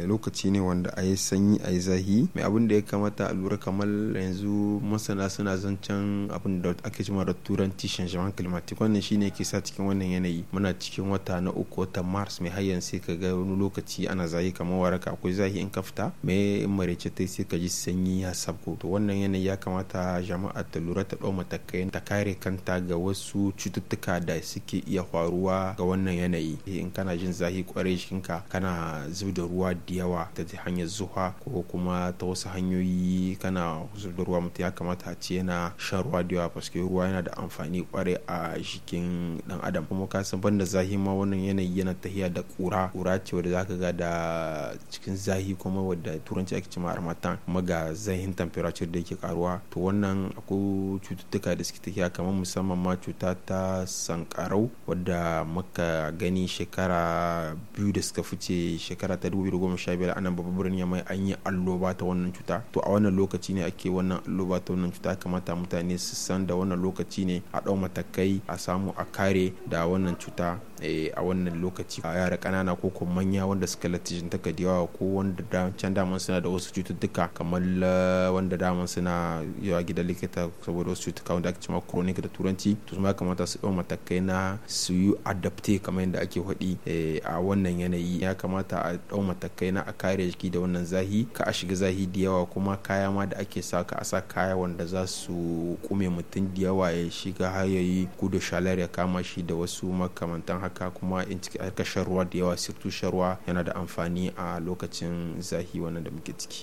Eh, lokaci ne wanda a yi sanyi a yi zahi mai abin da ya kamata a lura kamar yanzu masana suna zancen abin da ake cima da turanci shanjaman climatique wannan shine ke sa cikin wannan yanayi muna cikin wata na uku watan mars mai hayyan sai ka ga wani lokaci ana zahi kamar waraka akwai zahi in ka fita mai in marece ta sai ka ji sanyi ya sabko to wannan yanayi ya kamata jama'a ta lura ta ɗau matakai ta kare kanta ga wasu cututtuka da suke iya faruwa ga wannan yanayi eh, in kana jin zahi kwarai jikinka kana zub da ruwa da yawa ta hanyar zuwa ko kuma ta wasu hanyoyi kana da ruwa mutum ya kamata a ce yana shan ruwa da yawa paske ruwa yana da amfani kwarai a jikin dan adam kuma ka san banda zahi ma wannan yanayi yana tahiya da kura kura ce wadda zaka ga da cikin zahi kuma wadda turanci ake cewa armatan kuma ga zahin temperature da yake karuwa to wannan akwai cututtuka da suke tahiya kamar musamman ma cuta ta sankarau wadda muka gani shekara biyu da suka fice shekara ta sha biyar anan babban birnin mai an yi alloba ta wannan cuta to a wannan lokaci ne ake wannan alloba ta wannan cuta kamata mutane su san da wannan lokaci ne a ɗau matakai a samu a kare da wannan cuta eh, a wannan lokaci a yara ƙanana ko kuma manya wanda suka latijin taka da yawa ko wanda da can daman suna da wasu cututtuka kamar eh, wanda daman suna yawa gidan likita saboda wasu cututtuka wanda ake cewa chronic da turanci to su ma kamata su ɗau matakai na su yi adapte kamar yadda ake faɗi eh, a wannan yanayi ya kamata a ɗau matakai kenan a kare jiki da wannan zahi ka a shiga zahi da yawa kuma kaya ma da ake sa ka a sa kaya wanda za su kume mutum da yawa ya shiga hayayi gudu shalar ya kama shi da wasu makamantan haka kuma in ciki harkar sharuwa da yawa sirtu shan yana da amfani a lokacin zahi wannan da muke ciki